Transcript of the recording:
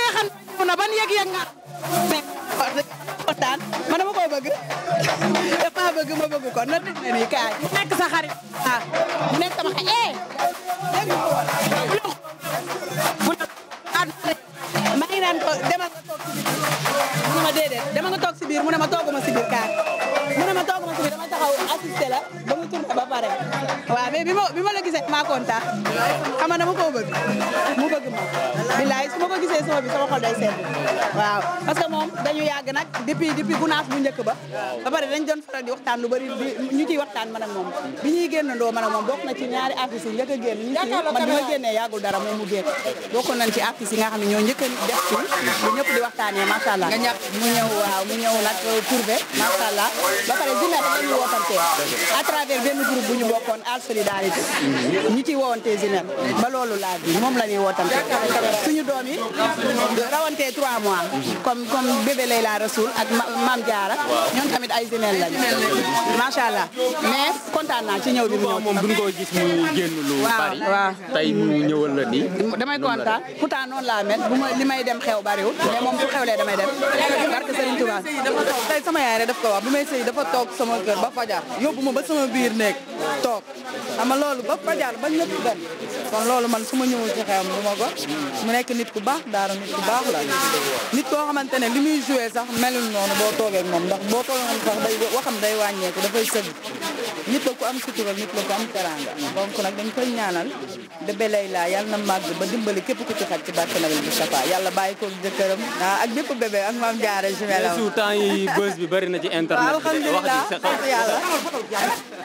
seexan na ban yëg-yëg nga wax dëgg ko bëgg dafa bëgg ma bëgg ko na def na ni kaay nekk sa xarit ah mu nekk sama xarit eh dégg bu ah, ma ngi naan ko biir mu ne ma déedéet dama nga toog ma tooguma si ma tooguma si biir dama taxaw assisté la ba bi ma bi ma la gisee maa kontaan xam ko gisee sama bi sama xol day seetlu waaw parce que moom dañu yàgg nag depuis depuis gunaas bu njëkk ba ba pare dañ doon faral di waxtaan lu bëri ñu ciy waxtaan man ak moom bi ñuy génnandoo man moom bokk na ci ñaari artistes yi njëkk génn ñu ci man bi ma moom mu génn bokkoon nañ ci artistes yi nga xam ne ñoo njëkk a ñëpp di waxtaanee macha allah nga ñàpp mu ñëw waaw mu ñëw nag euh, trouvé macha allah ba pare dina dañu wootantee à travers benn groupe bu ñu bokkoon al solidarité ñi ci woowantee ba loolu laa bi moom la ñuy wootantee suñu doom yi rawantee trois mois comme comme bébé Leyla Rasoul ak Mame Diarra ñoom tamit ay jumelles lañu macha allah mais kontaan naa ci ñëw bi mu ñëw moom duñ ko gis mu génn lu bari waaw tey mu ñëwal la nii damay kontaan pourtant noonu laa mel bu ma li may dem xew bariwul mais moom xew xewlee damay dem barke Serigne Touba tey sama yaay rek daf ko wax bu may sëy dafa toog sama kër ba fajar yóbbu ma ba sama biir néeg toog xam nga loolu ba fajar ba ñëpp dem kon loolu man su ma ñëwul nekk nit ku baax Daara nit ku baax la nit koo xamante ne li muy joué sax melul noonu boo toogee ak moom ndax boo toogee sax day waxam day wàññeeku dafay sëbi nit la ku am sutura nit la ku am teranga donc nag dañ koy ñaanal de belay laa yàlla na màgg ba dimbali képp ku ci xaj ci barke Nabil Moustapha yàlla bàyyi ko jëkkëram ah, ak bépp bébé ak maam Diarra jumelaw temps yi buzz bi bari na ci internet wax ji sa yàlla